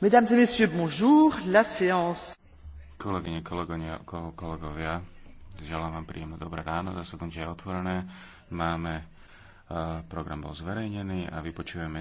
Mesdames et messieurs, bonjour. La séance. Kolegyne, kolegovia, kolegovia, želám vám príjemné dobré ráno. Zasadnutie je otvorené. Máme eh, program bol zverejnený a vypočujeme si